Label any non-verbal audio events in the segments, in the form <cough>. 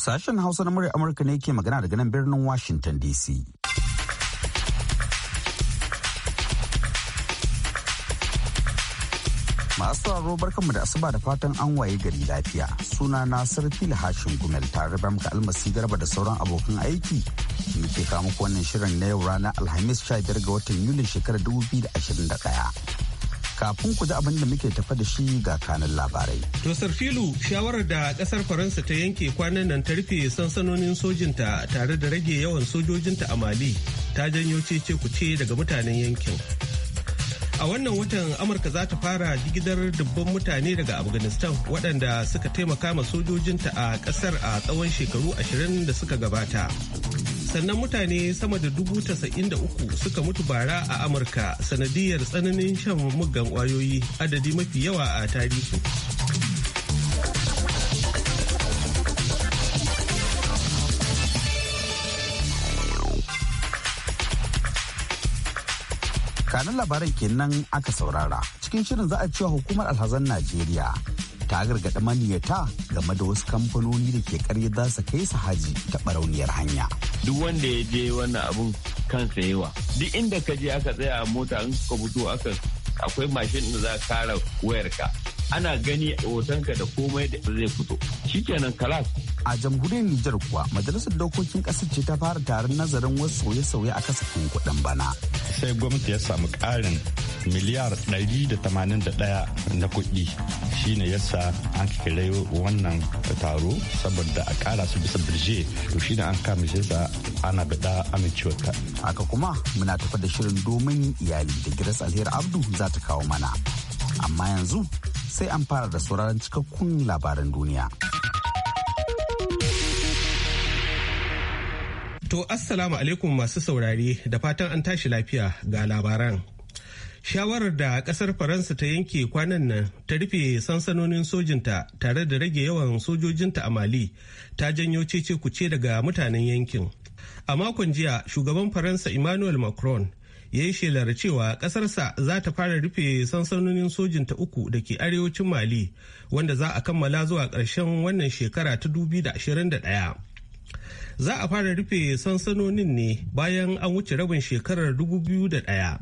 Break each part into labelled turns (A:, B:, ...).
A: Sashen Hausa na murya Amurka ne ke magana daga nan birnin Washington DC. Masu sauraro barkanmu da asuba da fatan an waye gari lafiya. Suna na Sarfi Hashin Gumel tare da muka almasi garba da sauran abokan aiki. Muke kawo muku wannan shirin na yau ranar Alhamis 15 ga watan Yulin shekarar 2021. kafin ku ji abin da muke tafa da shi ga kanin labarai.
B: To Filu shawarar da kasar Faransa ta yanke kwanan nan ta rufe sansanonin sojinta tare da rage yawan sojojinta a Mali ta janyo cece ce daga mutanen yankin. A wannan watan Amurka za ta fara jigidar dubban mutane daga Afghanistan waɗanda suka taimaka ma sojojinta a ƙasar a tsawon shekaru ashirin da suka gabata. sannan mutane sama da dubu tasa'in da uku suka mutu bara a amurka sanadiyar tsananin shan muggan kwayoyi adadi mafi yawa a tarihi
A: kanan labaran kenan aka saurara cikin shirin za a cewa hukumar alhazan najeriya ta gargaɗi maniyata game da wasu kamfanoni da ke karya za su kai su haji ta barauniyar hanya.
C: Duk wanda ya je wannan abun kan yawa. Duk inda ka je aka tsaya a mota in ka fito aka akwai mashin da za ka kara wayarka. Ana gani hotonka da komai da zai fito. Shikenan kalas a
A: jamhuriyar Nijar kuwa majalisar dokokin ƙasar ce ta fara taron nazarin wasu sauye-sauye a kasafin kuɗin
D: bana. Sai gwamnati ya samu ƙarin miliyar 181 na kuɗi shine yasa an kira wannan taro saboda a ƙara su bisa birje to shi ne an kama shi yasa ana bada amincewarta. Haka kuma
A: muna tafa da shirin domin iyali da Giras Alheri Abdu za ta kawo mana. Amma
B: yanzu sai an fara da sauraron cikakkun labaran duniya. To assalamu alaikum masu saurari da fatan an tashi lafiya ga labaran. Shawarar da kasar Faransa ta yanke kwanan nan ta rufe sansanonin sojinta tare da rage yawan sojojinta a Mali ta janyo cece kuce daga mutanen yankin. A makon jiya shugaban Faransa Emmanuel Macron ya yi shelar cewa ƙasarsa za ta fara rufe sansanonin sojinta uku da ke arewacin Mali wanda za a kammala zuwa ƙarshen wannan shekara ta 2021. za a fara rufe sansanonin ne bayan an wuce rabin shekarar 2001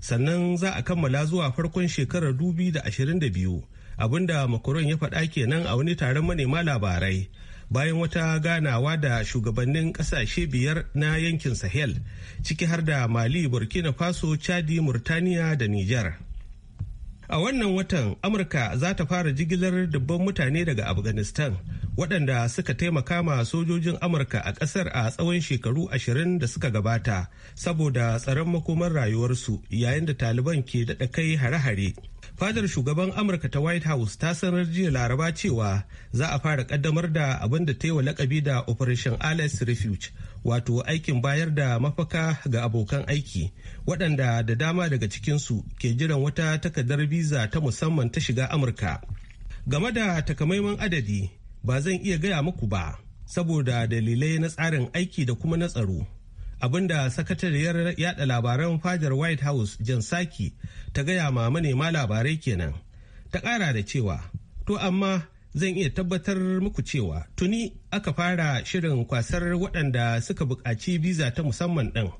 B: sannan za a kammala zuwa farkon shekarar 2022 abinda makaron ya faɗa kenan a wani taron manema labarai bayan wata ganawa da shugabannin ƙasashe biyar na yankin sahel ciki har da mali burkina faso chadi murtaniya da niger A wannan watan Amurka za ta fara jigilar dubban mutane daga Afghanistan waɗanda suka taimaka ma sojojin Amurka a ƙasar a tsawon shekaru ashirin da suka gabata saboda tsaron makomar rayuwarsu yayin da Taliban ke daɗa kai hare-hare. Fadar shugaban Amurka ta White House ta sanar jiya Laraba cewa za a fara ƙaddamar da abin da ta yi wa lakabi da Operation Alice Refuge wato aikin bayar da mafaka ga abokan aiki waɗanda da dama daga cikinsu ke jiran wata takardar biza ta musamman ta shiga amurka game da takamaiman adadi ba zan iya gaya muku ba saboda dalilai na tsarin aiki da kuma na tsaro Abin da sakatariyar yada labaran fajar white house jan saki ta gaya ma manema labarai kenan ta ƙara da cewa to amma zan iya tabbatar muku cewa tuni aka fara shirin kwasar waɗanda suka buƙaci biza ta musamman ɗin.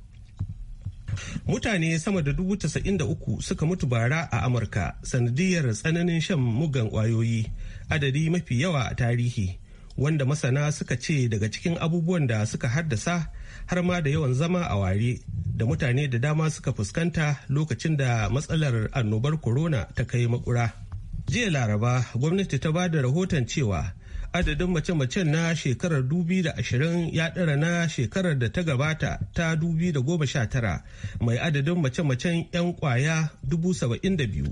B: Mutane sama da dubu tasa'in da uku suka mutu bara a Amurka sanadiyar tsananin shan mugan ƙwayoyi adadi mafi yawa a tarihi wanda masana suka ce daga cikin abubuwan da suka haddasa har ma da yawan zama a ware da mutane da dama suka fuskanta lokacin da matsalar annobar corona ta kai makura. jiya laraba gwamnati ta ba da rahoton cewa adadin mace-macen na shekarar ashirin ya ɗara na shekarar da ta gabata ta tara mai adadin mace-macen 'yan kwaya biyu.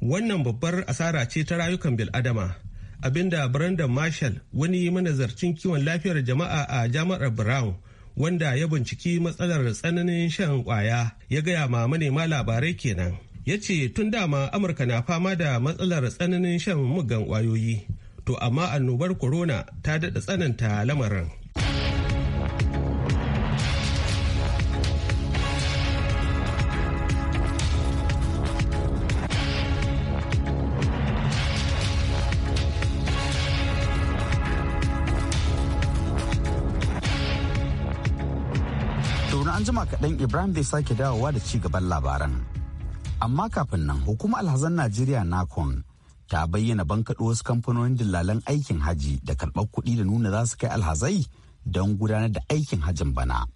B: wannan babbar asara ce ta rayukan bil'adama abinda brandon marshall wani manazarcin kiwon lafiyar jama'a a jami'ar brown wanda ya binciki matsalar tsananin shan kwaya ya gaya ma manema labarai kenan ya ce tun dama amurka na fama da matsalar tsananin shan mugan kwayoyi to amma annobar corona ta daɗa tsananta lamarin
A: an jima kaɗan ibrahim bai sake dawowa da ci gaban labaran amma kafin nan hukumar alhazan najeriya nakon ta bayyana bankaɗo wasu kamfanonin dillalan aikin haji da karɓar kuɗi da nuna za su kai alhazai don gudanar da aikin hajin bana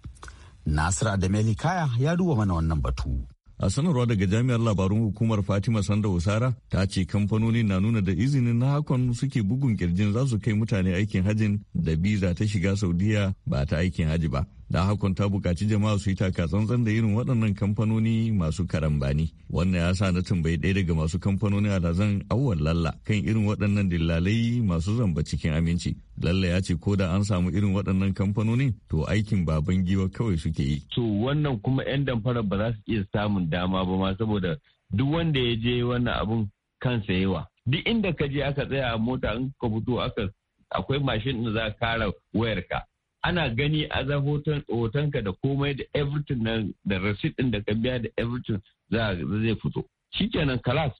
A: nasir adameli kaya ya duba
E: mana wannan batu a sanarwa daga jami'ar labarun hukumar fatima sanda usara ta ce kamfanoni na nuna da izinin na hakon suke bugun kirjin za su kai mutane aikin hajin da biza ta shiga saudiya ba ta aikin haji ba da hakan ta bukaci jama'a su yi taka tsantsan da irin waɗannan kamfanoni masu karambani wannan ya sa na tambayi ɗaya daga masu kamfanoni kamfanonin zan awwal lalla kan irin waɗannan dillalai masu zamba cikin aminci lalla ya ce ko da an samu irin waɗannan kamfanonin to aikin baban giwa kawai suke yi to wannan kuma 'yan damfara
C: ba za su iya samun dama ba ma saboda duk wanda ya je wannan abun kansa yawa duk inda ka je aka tsaya a mota in ka fito aka akwai mashin da za ka kara wayarka ana gani a zan hotonka da komai da everything nan da receipt din da ka biya da everything za zai fito shikenan class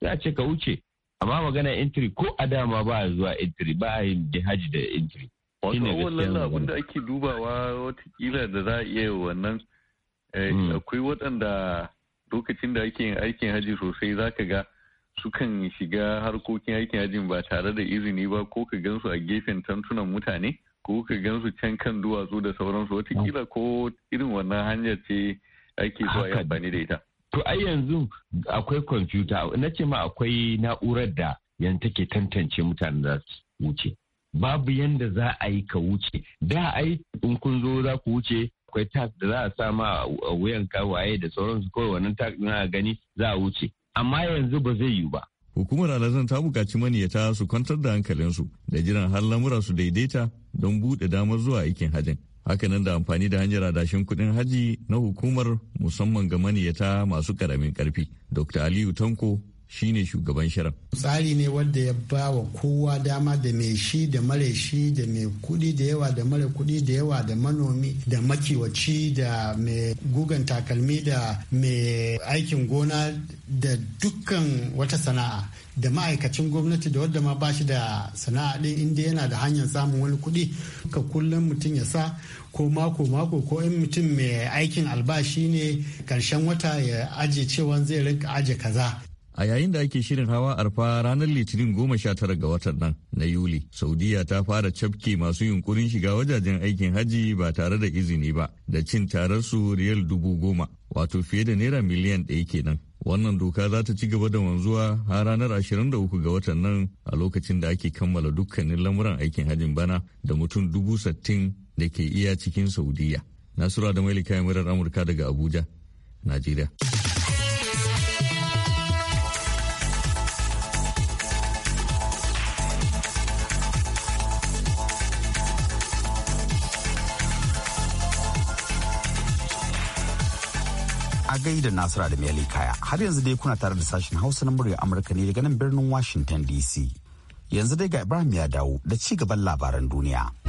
C: sai a ce ka wuce amma magana entry ko a dama ba a zuwa entry ba a yin jihaji da entry wannan wannan abin da
E: ake dubawa watakila da za a iya wannan eh, hmm. akwai waɗanda lokacin da ake yin aikin haji sosai za ka ga sukan shiga harkokin aikin hajin ba tare da izini ba ko ka gansu a gefen tantunan mutane ko ka gansu can kan duwatsu da sauransu watakila ko irin wannan hanyar ce ake so yi amfani da ita.
C: To ai yanzu akwai kwamfuta na ce ma akwai na'urar da yanzu take tantance mutane za su wuce. Babu yanda za a yi ka wuce. Da ai in kun zo za ku wuce akwai tag da za a sa ma a wuyan kawaye da sauransu kawai wannan tag na gani za a wuce. Amma yanzu ba zai
E: yiwu ba. hukumar alazan ta buƙaci maniyata su kwantar da hankalinsu da jiran har lamura su daidaita don buɗe damar zuwa aikin hajjin hakanan da amfani da hanyar adashin kuɗin hajji na hukumar musamman ga maniyata masu karamin karfi dr aliyu tanko shine shugaban shirin.
F: Tsari ne wanda ya ba wa kowa dama da mai shi da mare shi da mai kudi da yawa da mare kudi da yawa da manomi da makiwaci da mai gugan takalmi da mai aikin gona da dukkan wata sana'a da ma'aikacin gwamnati da wadda ma ba shi da sana'a ɗin inda yana da hanyar samun wani kuɗi ka kullum mutum ya sa ko mako mako ko in mutum mai aikin albashi ne karshen wata ya ajiye cewa zai rinka ajiye kaza
E: a yayin da ake shirin hawa arfa ranar litinin goma sha tara ga watan nan na yuli saudiya ta fara cafke masu yunkurin shiga wajajen aikin hajji ba tare da izini ba da cin tararsu riyal dubu goma wato fiye da naira miliyan ɗaya kenan wannan doka za ta ci gaba da wanzuwa har ranar 23 ga watan nan a lokacin da ake kammala dukkanin lamuran aikin hajjin bana da mutum dubu sattin da ke iya cikin saudiya nasura da mailika murar amurka daga abuja najeriya
A: a gaida nasara da mai Kaya. Har yanzu dai kuna tare da sashen Hausa na murya Amurka ne daga nan birnin Washington DC. Yanzu dai ga Ibrahim ya dawo da ci gaban labaran duniya.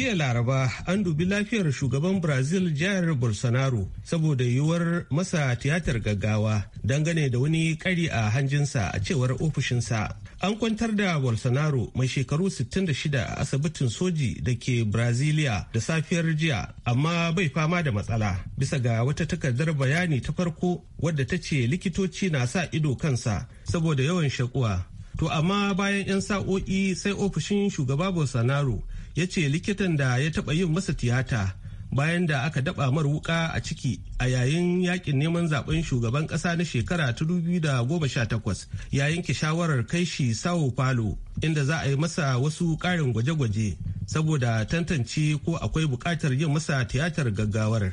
B: jiya laraba an dubi lafiyar shugaban brazil jihar bolsonaro saboda yiwuwar masa tiyatar gaggawa dangane da wani kari a hanjinsa a cewar ofishinsa an kwantar da bolsonaro mai shekaru 66 a asibitin soji da ke brazilia da safiyar jiya amma bai fama da matsala bisa ga wata takardar bayani ta farko wadda ta ce likitoci na sa ido kansa saboda yawan shakuwa To amma bayan 'yan sa'o'i sai ofishin shugaba Bolsonaro ya ce likitan da ya taɓa yin masa tiyata bayan da aka daba mar wuka a ciki a yayin yakin neman zaben shugaban kasa na shekara ta 2018 ya yanke shawarar kai shi sao paulo inda za a yi masa wasu karin gwaje-gwaje saboda tantance ko akwai bukatar yin masa tiyatar gaggawar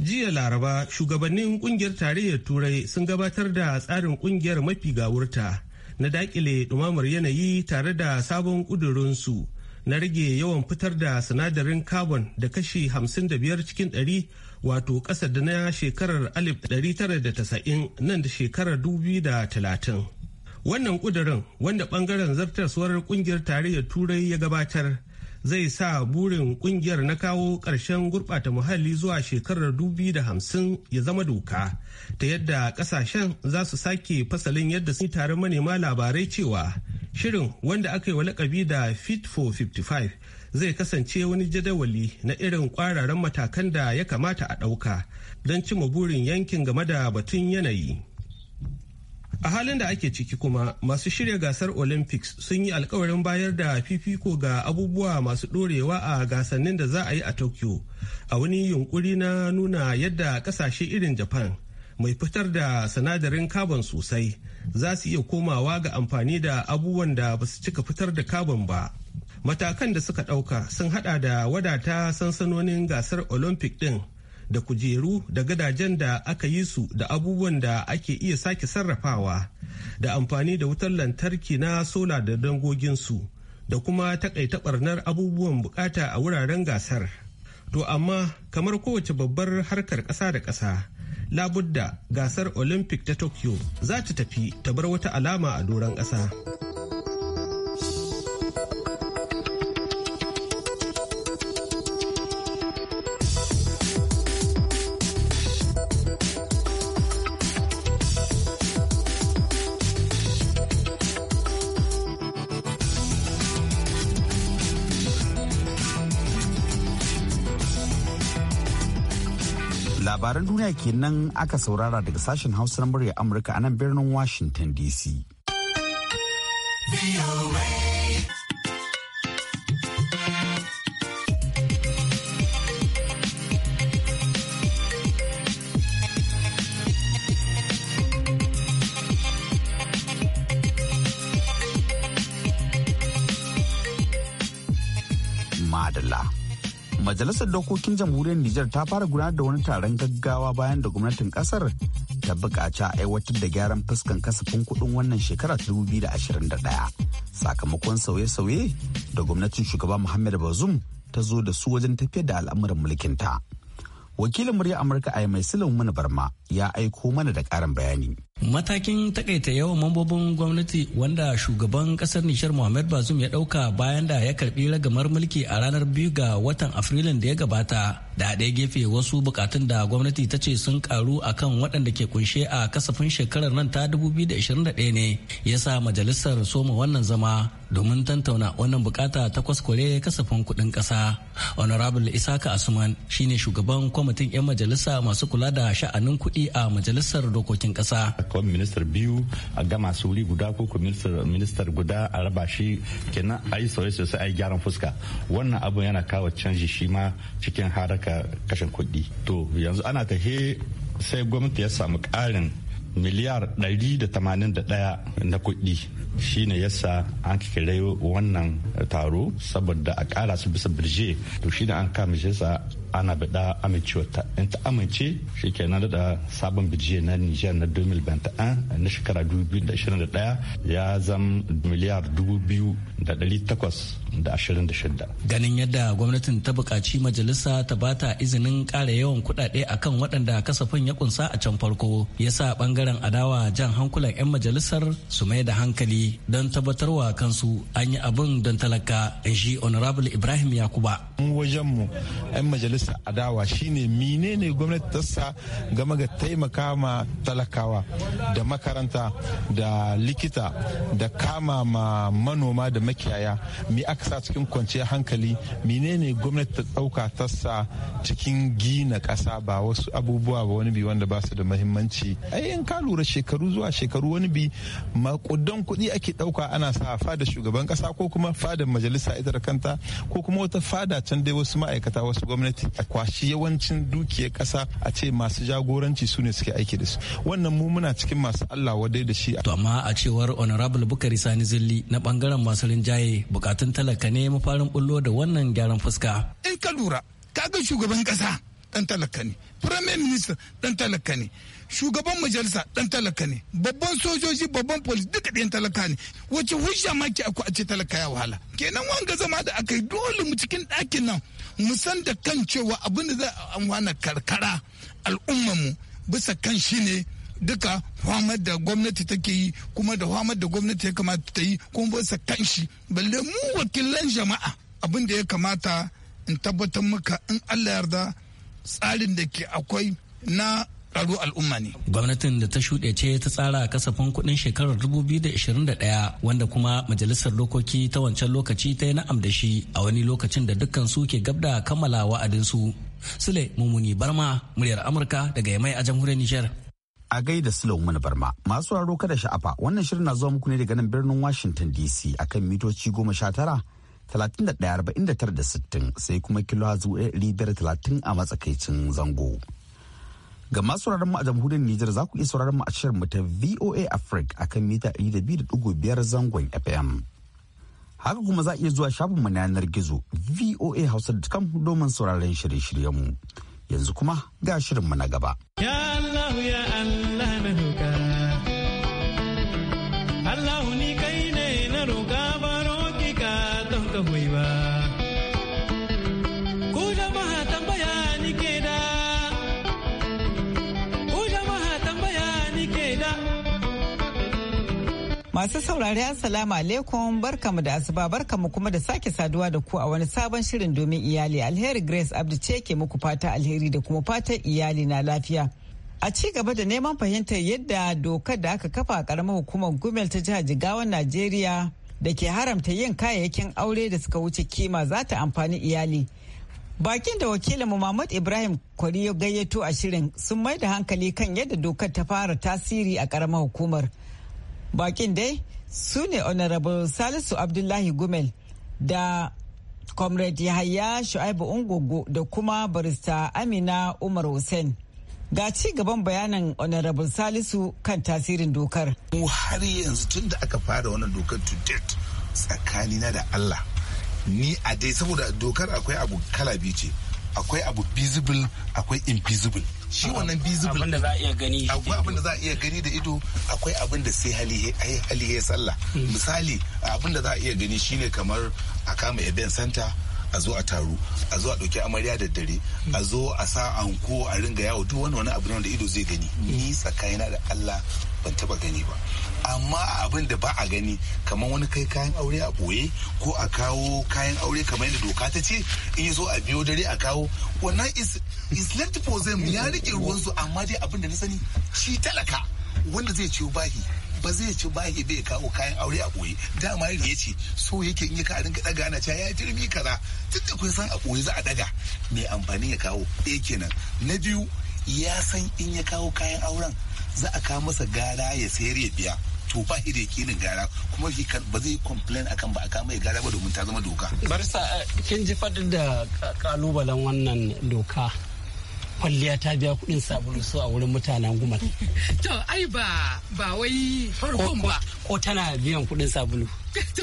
B: jiya laraba shugabannin kungiyar tarayyar turai sun gabatar da tsarin kungiyar mafi gawurta na dakile ɗumamar yanayi tare da sabon su na rage yawan fitar da sinadarin carbon da kashi 55 cikin 100 wato ƙasa da na shekarar 1990 nan da shekarar 2030. Wannan ƙudurin wanda ɓangaren zartaswar ƙungiyar tarayyar Turai ya gabatar zai sa burin kungiyar na kawo ƙarshen gurɓata muhalli zuwa shekarar dubi da hamsin ya zama doka ta yadda ƙasashen za su sake fasalin yadda sun tare manema labarai cewa shirin wanda aka yi wa lakabi da fit for 55 zai kasance wani jadawali na irin kwararan matakan da ya kamata a ɗauka don cimma burin yankin game da batun yanayi. a halin da ake ciki kuma masu shirya gasar olympics sun yi alkawarin bayar da fifiko ga abubuwa masu dorewa a gasannin da za a yi a tokyo a wani yunkuri na nuna yadda kasashe irin japan mai fitar da sinadarin carbon sosai za su iya komawa ga amfani da abubuwan da ba su cika fitar da carbon ba matakan da suka ɗauka sun hada da wadata sansanonin gasar olympic din da kujeru da gadajen da aka yi su da abubuwan da ake iya sake sarrafawa da amfani da wutar lantarki na sola da dangoginsu da kuma takaita barnar abubuwan bukata a wuraren gasar to amma kamar kowace babbar harkar ƙasa da ƙasa labudda gasar olympic ta tokyo za ta tafi ta bar wata alama a doron ƙasa.
A: labaran duniya kenan aka saurara daga sashen hausa na murya amurka a nan birnin washington dc majalisar dokokin jamhuriyar Nijar ta fara gudanar da wani taron gaggawa bayan da gwamnatin kasar ta bukaci a aiwatar da gyaran fuskan kasafin kuɗin wannan shekara da ɗaya sakamakon sauye-sauye da gwamnatin shugaba Muhammad Bazoum ta zo da su wajen tafiyar da al'amuran ta Wakilin murya Amurka a mai mana Barma ya aiko mana da ƙarin bayani.
G: Matakin takaita yawan mambobin gwamnati wanda shugaban kasar Nishar Muhammad bazum ya dauka bayan da ya karbi ragamar mulki a ranar biyu ga watan Afrilun da ya gabata da ɗaya gefe wasu bukatun da gwamnati ta ce sun karu kan waɗanda ke kunshe a kasafin shekarar nan ta 2021 ne ya sa majalisar soma wannan zama domin tantauna wannan bukata ta kwaskware kasafin kuɗin ƙasa. Honorable Isaka Asuman shine shugaban kwamitin 'yan majalisa masu kula da sha'anin kuɗi a majalisar dokokin ƙasa.
D: kawai ministar biyu a gama su wuri guda ko ko ministar guda a raba shi kenan a yi sauye sosai a yi gyaran fuska wannan abun yana kawo canji shi ma cikin haraka kashin kuɗi to yanzu ana tahe sai gwamnati ya samu ƙarin miliyar 181 na kuɗi shine yasa an kira wannan taro saboda a ƙara su bisa birje to shi da an kama shi sa. ana bada amincewa ta in ta amince shi ke da sabon bijiyar na nijar na 2021 na shekara 2021 ya zam miliyar 2,826
G: ganin yadda gwamnatin ta bukaci majalisa ta bata izinin kara yawan kuɗaɗe kan waɗanda kasafin ya kunsa a can farko ya sa ɓangaren adawa jan hankulan 'yan majalisar su mai da hankali don tabbatarwa kansu an yi abin don talaka in shi honorable ibrahim yakuba
H: wajenmu 'yan majalisa majalisar adawa shine menene gwamnati ta sa game ga taimaka ma talakawa da makaranta da likita da kama ma manoma da makiyaya mi aka sa cikin kwanciyar hankali menene gwamnati ta dauka ta sa cikin gina kasa ba wasu abubuwa ba wani bi wanda ba su da mahimmanci ai in ka lura shekaru zuwa shekaru wani bi makudan kuɗi ake ɗauka ana sa fada shugaban kasa ko kuma fadar majalisa ita da kanta ko kuma wata fada can dai wasu ma'aikata wasu gwamnati a kwashi yawancin dukiyar kasa a ce masu jagoranci su ne suke aiki da su wannan mu muna cikin masu Allah wadai da shi. To
G: amma a cewar honorable Bukari Sani Zilli na bangaren masu rinjaye bukatun talaka ne mafarin bullo da wannan gyaran fuska.
H: In ka lura ka ga shugaban kasa dan talaka ne, prime minister dan talaka ne. shugaban majalisa dan talaka ne babban sojoji babban polis duka ɗayan talaka ne wace hujja ma ke aku a ce talaka ya wahala kenan wanga zama da aka yi dole mu cikin ɗakin nan mu san da kan cewa abin da za a amfana karkara al'ummarmu bisa kan shi ne duka hamar da gwamnati take yi kuma da hamar da gwamnati ya kamata ta yi kuma bisa kan shi balle mu wakilan jama'a abin da ya kamata in tabbatar maka in allah yarda tsarin da ke akwai na tsaro al'umma ne.
G: Gwamnatin da ta shuɗe ce ta tsara kasafin kuɗin shekarar 2021 wanda kuma majalisar dokoki ta wancan lokaci ta yi na'am da shi a wani lokacin da dukkan su ke gab da kammala wa'adinsu. Sule Mumuni Barma muryar Amurka daga Yamai a jamhuriyar Nijar. A gaida Sule Mumuni Barma
A: masu raro kada sha'afa wannan shirin na zuwa muku ne daga nan birnin Washington DC akan mitoci goma sha tara sai kuma kilo 530 a matsakaicin zango. Ga masu mu a jamhuriyar Nijar za ku iya sauraron mu a shirin mu ta VOA Africa akan mita 200.5 zangon FM. Haka kuma za a iya zuwa shafin mu na yanar gizo VOA hausa da Hausa.com domin sauraron shirye-shiryen mu. Yanzu kuma ga shirin mu na gaba.
G: Ya Allah ya Allah na roƙa. Allah ni kai ne na roƙa baro ki ka don ka ba.
I: Masu saurari Assalamu alaikum barkamu da asuba barkamu kuma da sake saduwa da ku a wani sabon shirin domin iyali alheri Grace Abdu ce ke muku fata alheri da kuma fatan iyali na lafiya. A ci gaba da neman fahimtar yadda dokar da aka kafa a karamar hukumar Gumel ta jihar Jigawan Najeriya da ke haramta yin kayayyakin aure da suka wuce kima za ta amfani iyali. Bakin da wakilinmu Mahmud Ibrahim Kwariyo gayyato a shirin sun mai da hankali kan yadda dokar ta fara tasiri a karamar hukumar. bakin dai su ne honorable salisu abdullahi gumel da comrade yahaya shu'aibu ungogo da kuma barista amina umar hussein ga ci gaban bayanan honorable salisu kan tasirin dokar mu har
H: yanzu tun da aka fara wannan dokar to date tsakanina da allah ni a dai saboda dokar akwai abu kala biyu ce akwai abu visible akwai invisible shi wannan visible abin da za a iya gani akwai abin da za a iya gani da ido akwai abin da sai hali ya sallah hmm. misali abin da za a iya gani shine kamar a kama event center a zo a taru a zo a ɗauki amarya da dare hmm. a zo a sa anko a ringa yawo duk wani wani abu da ido zai gani hmm. ni tsakanina da Allah ban taba gani ba amma abin da ba a gani kamar wani kai kayan aure a ɓoye ko a kawo kayan aure kamar yadda doka ta ce in yi so a biyo dare a kawo wannan is left for them ya rike ruwansu amma dai abin da na sani shi talaka wanda zai ciwo bahi ba zai ci bahi bai kawo kayan aure a ɓoye dama ya ce so yake in yi ka rinka daga ana cewa ya yi jirgin kaza tun da kun san a ɓoye za a daga mai amfani ya kawo ɗaya kenan na biyu ya san in ya kawo kayan auren za a kawo masa gara ya sayar ya biya to ba shi da yakinin gara kuma shi ba zai complain akan ba a kama ya gara ba domin ta zama doka. barsa
J: eh, kin ji faɗi da kalubalen wannan doka kwalliya ta biya kuɗin sabulu so a wurin mutanen gumal.
K: <laughs> to ai ba ba wai farkon ba
J: ko tana biyan kuɗin sabulu.
K: <laughs> to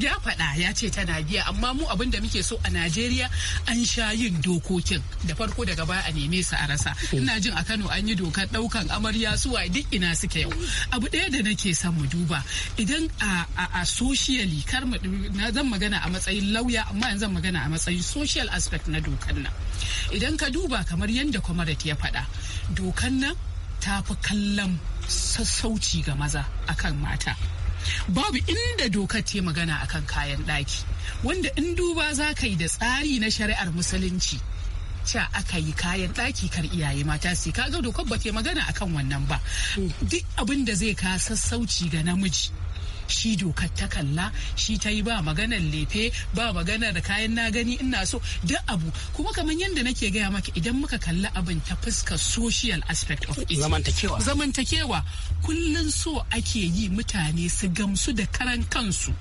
K: ya faɗa ya ce tana biya amma mu abin da muke so a najeriya an sha yin dokokin da farko daga baya a neme su a rasa ina jin a kano an yi dokar ɗaukan amarya suwa duk ina suke yau abu ɗaya da nake son mu duba idan a socially kar mu zan magana a matsayin lauya amma yanzu zan magana a matsayin social aspect na dokan nan idan ka duba kamar yadda comrade ya faɗa dokan nan ta fi kallon sassauci ga maza akan mata babu inda doka ce magana akan kayan ɗaki wanda in duba za ka yi da tsari na shari'ar musulunci ca aka yi kayan ɗaki kar iyaye mata su kaga dokar ba ke magana akan wannan ba mm. duk abin da zai ka sassauci ga namiji shi dokar ta kalla shi ta yi ba maganar lefe ba maganar kayan na gani ina so duk abu kuma kamar yadda nake gaya maka idan muka kalla abin ta fuskar social aspect of it zamantakewa zamantakewa kullun so ake yi mutane su gamsu da karan kansu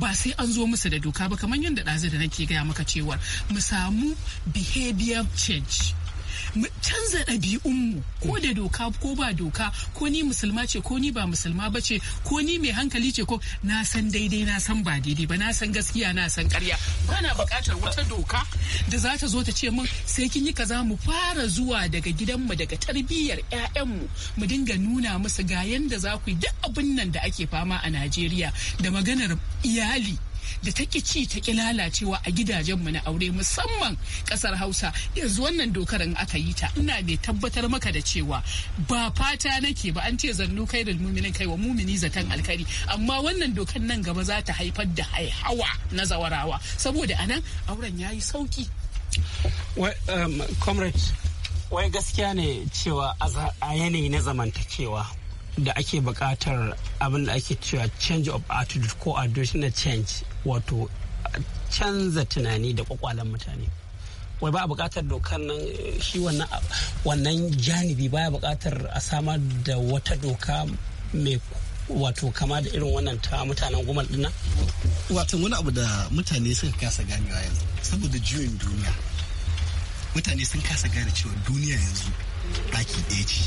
K: ba sai an zo musu da doka ba kamar yadda ɗazu da nake gaya maka cewa mu samu behavior change mu canza mu ko da doka ko ba doka ko ni musulma ce ko ni ba musulma ba ce ko ni mai hankali ce ko na san daidai na san ba daidai ba na san gaskiya na san karya ba na buƙatar wata doka da za ta zo ta ce min sai kin yi kaza mu fara zuwa daga gidanmu daga tarbiyyar 'ya'yanmu mu dinga nuna musu ga yanda za ku yi duk abin nan da ake fama a Najeriya da maganar iyali da take ci ta ki lalacewa a gidajenmu na aure musamman kasar hausa yanzu wannan dokar in aka yi ta ina mai tabbatar maka da cewa ba fata nake ba an ce zannu kai da muminin kai wa mumini zaton alkari amma wannan dokar nan gaba za ta haifar da haihawa na zawarawa saboda anan auren ya yi sauki
J: um, comrades wai gaskiya ne cewa a yanayi na zamantakewa da ake bukatar abin da ake cewa change of attitude ko additional change wato canza tunani da kwakwalen mutane wai ba a bukatar dokar nan shi wannan janibi a bukatar a samar da wata doka mai wato kama da irin wannan ta mutanen
F: gumal dinnan wato wani abu da mutane suka kasa wa yanzu saboda juyin duniya mutane sun kasa gane cewa duniya yanzu baki ɗaya ce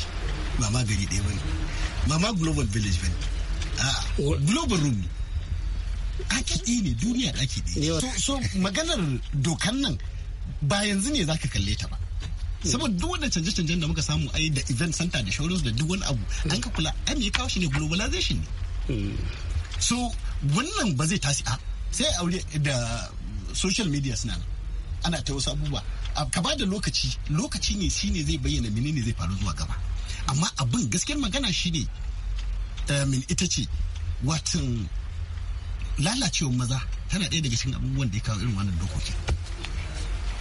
F: ba ma gari ɗaya ba ne global village ba ne a global room ɗaki ɗaya ne duniya ake ɗaya so so maganar dokan nan ba yanzu ne za ka kalle ta ba saboda duk wanda canje-canjen da muka samu ai da event center da shauransu da duk wani abu an ka kula an ya kawo shi ne globalization ne hmm. so wannan ba zai tasi a sai aure da social media suna ana ta wasu abubuwa ka ba da lokaci lokaci ne shine zai bayyana ne zai faru zuwa gaba amma abin gaskiyar magana shine min ita ce watan lalacewar maza tana ɗaya daga cikin abubuwan da ya kawo irin wannan dokokin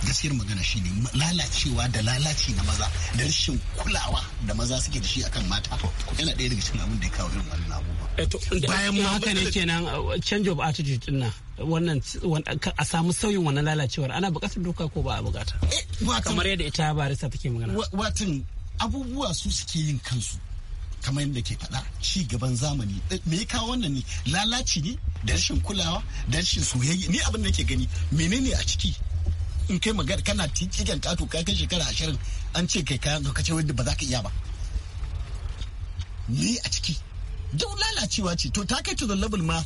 F: gaskiyar magana shine lalacewa da lalaci na maza da rashin kulawa da maza suke da shi akan mata yana ɗaya daga cikin abin da ya kawo irin wannan abubuwa eh, bayan ma haka ne
H: kenan
J: uh, change of attitude din na wannan a samu sauyin wannan lalacewar ana bukatar doka
F: ko ba a bukata eh, kamar yadda ita barista take magana watan abubuwa su suke yin kansu kamar yadda ke faɗa ci gaban zamani eh, me ya kawo wannan ne lalaci ne da rashin kulawa da rashin soyayya ni abin da ke gani menene a ciki in kai magana kana tikikan kato kai kai shekara ashirin an ce kai kayan ka ce wanda ba za ka iya ba ni a ciki duk lalacewa ce to ta kai to the level ma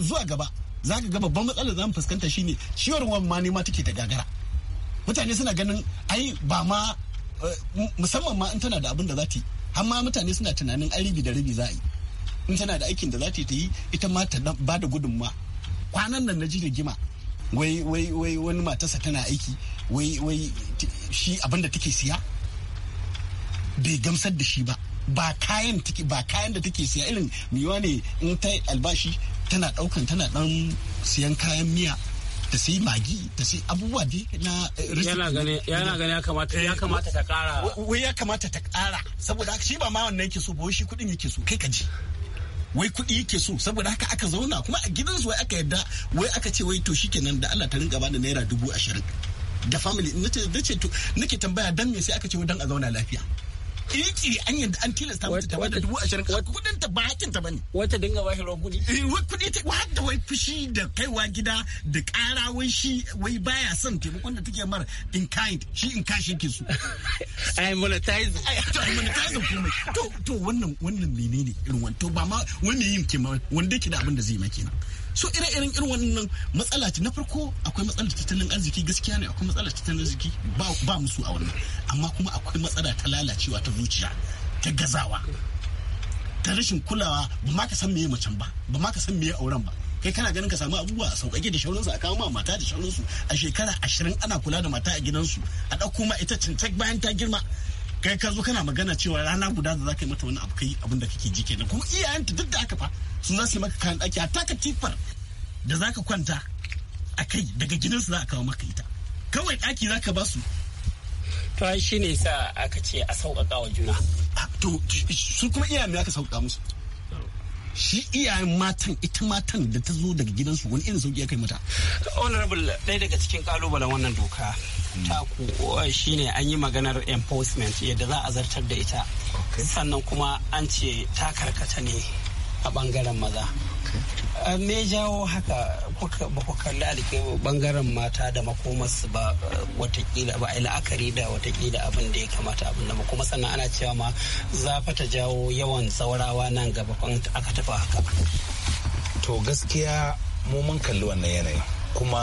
F: zuwa gaba za ka ga babban matsalar zamu fuskanta shine ciwon ma ne ma take ta gagara mutane suna ganin ai ba ma musamman ma in tana da abin da za ta yi har ma mutane suna tunanin an da rabi za a yi in tana da aikin da za ta yi ita ma ta ba da gudunma kwanan nan na ji rigima wai wai wai wani matarsa tana aiki wai wai shi abin da take siya bai gamsar da shi ba ba kayan take ba kayan da take siya irin miwa ne in ta albashi tana daukan tana dan siyan kayan miya ta sai magi ta sai abubuwa dai na
K: eh, yana gani yana gani ya kamata eh, ta kara
F: wai ya kamata ta kara saboda shi ba ma wannan yake so ba shi kudin yake so kai ka ji wai kuɗi yake so saboda haka aka zauna kuma a gidansu wai aka yadda wai aka ce wai to shikenan da Allah ta rinka bani naira dubu ashirin da family nace to nake tambaya dan me sai aka ce wai dan a zauna lafiya iki an yadda an tilasta mutu ta bada dubu ashirin kudin ta ba hakin ta bane wata dinga ba shi ruwan kudi eh, kudi ta wa da wai fushi da kaiwa gida da kara wai shi wai baya son taimakon da take mara in kind shi in kashi ke su <laughs> ai monetize ai monetize mai to to wannan wannan menene irin wannan to ba ma wani yin ke ma wanda ke da abin da zai maki kenan so ire irin irin wannan matsala ce na farko akwai matsalar tattalin arziki gaskiya ne akwai matsalar tattalin arziki ba musu a wannan amma kuma akwai matsala ta lalacewa ta zuciya ta gazawa ta rashin kulawa ba ma ka san meye macen ba ba ma ka san meye auren ba kai kana ganin ka samu abubuwa a sauƙaƙe da shaurinsu a kawo ma mata da shaurinsu a shekara ashirin ana kula da mata a gidansu a ɗauko ma ita cincak bayan ta girma kai ka zo kana magana cewa rana guda da zaka yi mata wani abu kai abin da kake ji kenan kuma iyayenta duk da aka fa sun za su yi maka kayan daki a taka tifar da zaka kwanta a kai daga gidansu za a kawo maka ita kawai
J: daki zaka ba su to shi ne sa aka ce a sauƙaƙa wa juna
F: ah, to su kuma iyayen me aka sauƙa musu shi iyayen matan ita matan da ta zo daga gidansu wani irin sauƙi ya kai mata
J: honorable ɗaya daga cikin ƙalubalen wannan doka taku shine an yi maganar enforcement yadda za a zartar da ita sannan kuma an ce ta karkata ne a bangaren maza eh, me jawo haka ba ku kalli alikai bangaren mata da makomarsu ba watakila ba a la'akari da watakila abin da ya kamata abin da makoma sannan ana cewa ma za ta jawo yawan saurawa nan gaba aka tafi haka
H: to gaskiya mu mun kalli wannan yanayi kuma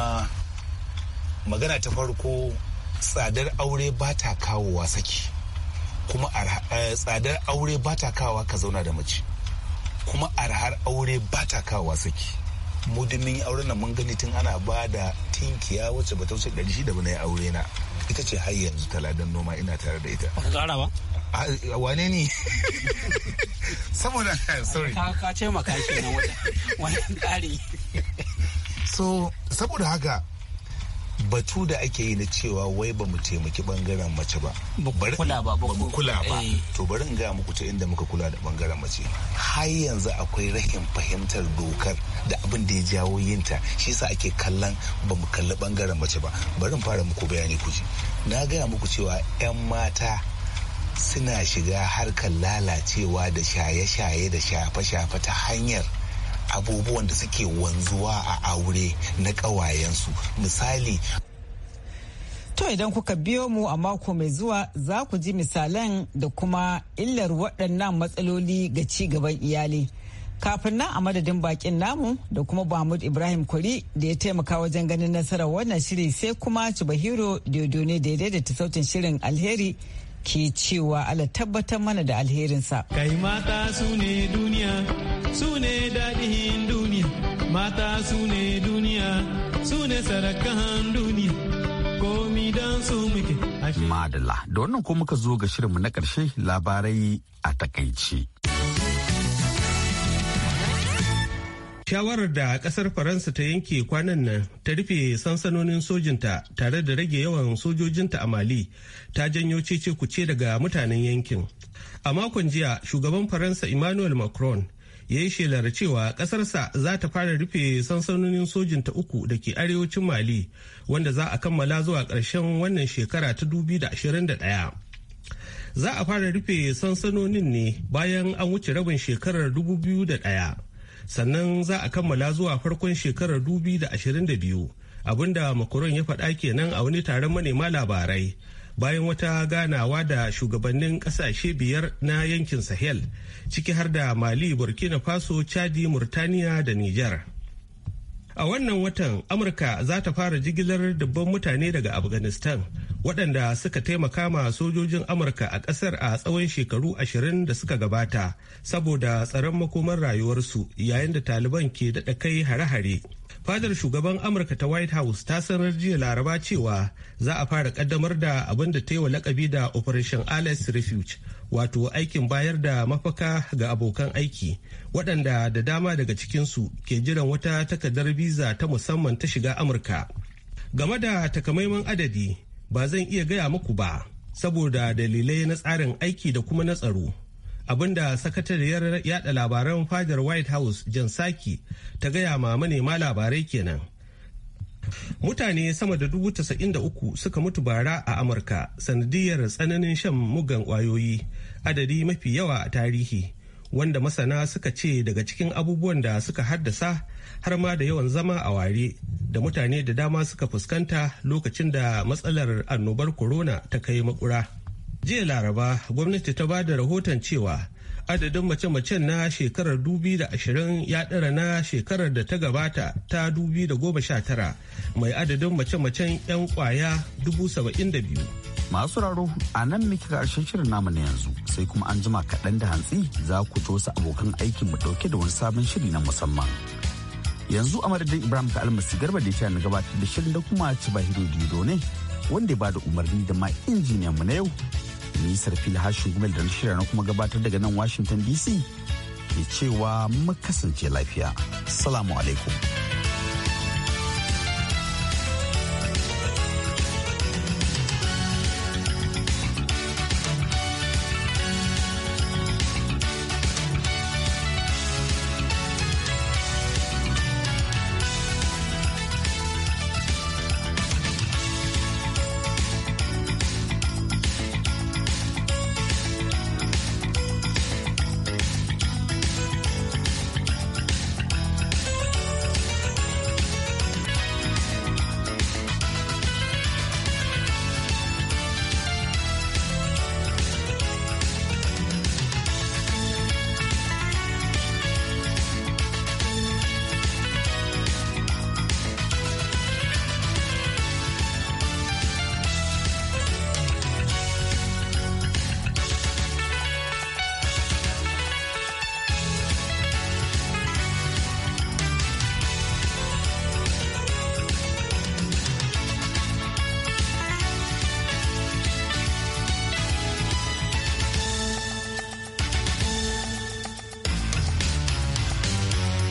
H: magana ta farko tsadar aure ba ta kawowa saki kuma eh, tsadar aure ba ta kawowa ka zauna da mace kuma arhar aure ba ta kawowa saki mu auren nan mun gani tun ana ba da tinkiya wacce ba ta wuce ɗari shida ba na aure na ita ce har yanzu taladan noma ina tare da ita. Ƙara ba? Ah, wane ne? <laughs> Saboda sorry. Ka ce maka kenan wani ƙari. So saboda haka batu da ake yi na cewa wai ba mu taimaki bangaren mace ba ba mu kula ba eh. to bari in gaya muku ta inda muka kula da bangaren mace har yanzu akwai rahin fahimtar dokar da abin da ya jawo yinta shi yasa ake kallon ba mu kalli bangaren mace ba bari in fara muku bayani ku na gaya muku cewa 'yan mata suna shiga harkar lalacewa da shaye-shaye da shafe-shafe ta hanyar abubuwan da suke wanzuwa a aure na ƙawayensu misali
I: To idan kuka biyo mu a mako mai zuwa za ku ji misalan da kuma illar waɗannan matsaloli ga ci gaban iyali. Kafin nan a madadin bakin namu da kuma bahmud Ibrahim Kuri da ya taimaka wajen ganin nasarar wannan shiri sai kuma Cibahiro Diodone da ya daidaita sautin shirin alheri ke cewa ala tabbatar mana da alherinsa. Kai mata
B: su ne duniya su ne daɗin duniya mata su ne duniya su ne sarakan duniya komi don su muke madala
A: da wannan ko muka zo ga shirinmu na ƙarshe labarai a
B: takaici shawarar da kasar faransa ta yanke kwanan nan ta rufe sansanonin sojinta tare da rage yawan sojojinta a mali ta janyo cece kuce daga mutanen yankin a makon jiya shugaban faransa emmanuel macron ya yi shelar cewa ƙasarsa za ta fara rufe sansanonin sojin ta uku da ke arewacin mali wanda za a kammala zuwa ƙarshen wannan shekara ta 2021 za a fara rufe sansanonin ne bayan an wuce rabin shekarar 2001 sannan za a kammala zuwa farkon shekarar 2022 abinda macron ya faɗa kenan a wani taron manema labarai bayan wata ganawa da shugabannin kasashe biyar na yankin sahel ciki har da mali burkina faso chadi murtaniya da niger a wannan watan amurka za ta fara jigilar dubban mutane daga afghanistan waɗanda suka taimaka ma sojojin amurka a ƙasar a tsawon shekaru ashirin da suka gabata saboda tsaron makomar rayuwarsu yayin da taliban ke daɗa kai hare-hare fadar shugaban amurka ta white house ta sanar jiya laraba cewa za a fara kaddamar da abin da ta yi wa lakabi da operation alice refuge wato aikin bayar da mafaka ga abokan aiki waɗanda da dama daga cikinsu ke jiran wata takardar visa ta musamman ta shiga amurka game da takamaiman adadi ba zan iya gaya muku ba saboda dalilai na tsarin aiki da kuma na tsaro abinda sakatariyar yada labaran fadar white house jan saki ta gaya ma manema labarai kenan mutane sama da dubu tasa'in da uku suka mutu bara a amurka sanadiyar tsananin shan mugan kwayoyi adadi mafi yawa a tarihi wanda masana suka ce daga cikin abubuwan da suka haddasa har ma da yawan zama a ware da mutane da dama suka fuskanta lokacin da matsalar annobar corona ta kai makura. Jiya Laraba gwamnati ta ba da rahoton cewa adadin mace-macen na shekarar ashirin ya ɗara na shekarar da ta gabata ta tara mai adadin mace-macen 'yan kwaya biyu. Masu raro a nan muke karshen shirin namu na yanzu sai kuma an jima kaɗan
A: da hantsi za ku ci wasu abokan aikin mu ɗauke da wani sabon shiri na musamman. yanzu a madadin ibrahim ka almasi garba da ya gabatar da shirin da kuma ci da dido ne wanda ya bada umarni da ma injiniyan mu na yau ni sarfil hashin gumel da shirya na kuma gabatar daga nan washington dc ke cewa mu kasance lafiya salamu alaikum